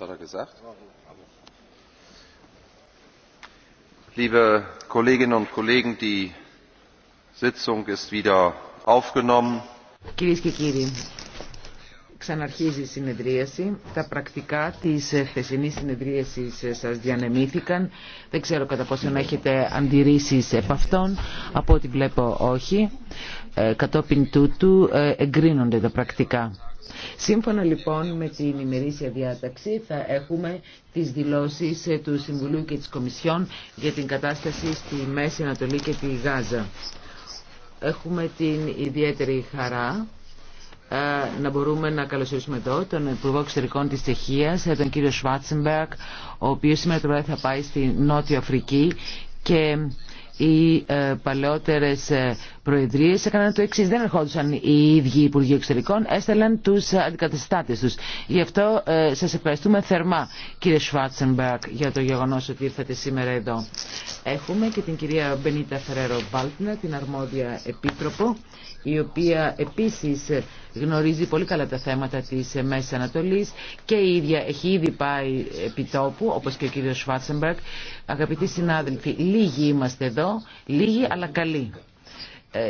Κυρίε er gesagt? Liebe Kolleginnen und Kollegen, die Sitzung Κυρίες και κύριοι, ξαναρχίζει η συνεδρίαση. Τα πρακτικά της χθεσινής συνεδρίασης σας διανεμήθηκαν. Δεν ξέρω κατά πόσο έχετε αντιρρήσεις επ' αυτών. Από ό,τι βλέπω όχι. Ε, κατόπιν τούτου ε, εγκρίνονται τα πρακτικά. Σύμφωνα λοιπόν με την ημερήσια διάταξη θα έχουμε τις δηλώσεις ε, του Συμβουλίου και της Κομισιόν για την κατάσταση στη Μέση Ανατολή και τη Γάζα. Έχουμε την ιδιαίτερη χαρά ε, να μπορούμε να καλωσορίσουμε εδώ τον Υπουργό Εξωτερικών της Τσεχίας, ε, τον κύριο Σβάτσενμπεργκ, ο οποίος σήμερα το βράδυ θα πάει στη Νότια Αφρική και οι ε, παλαιότερες ε, προεδρίες έκαναν το εξής. Δεν ερχόντουσαν οι ίδιοι Υπουργοί Εξωτερικών, έστελαν τους αντικαταστάτες τους. Γι' αυτό ε, σας ευχαριστούμε θερμά κύριε Σφάτσενμπερκ για το γεγονός ότι ήρθατε σήμερα εδώ. Έχουμε και την κυρία Μπενίτα Φεραίρο Βάλτινα, την αρμόδια επίτροπο, η οποία επίσης γνωρίζει πολύ καλά τα θέματα της Μέσης Ανατολής και η ίδια έχει ήδη πάει επί τόπου, όπως και ο κύριος Σφάτσεμπερκ. Αγαπητοί συνάδελφοι, λίγοι είμαστε εδώ, λίγοι αλλά καλοί. Ε,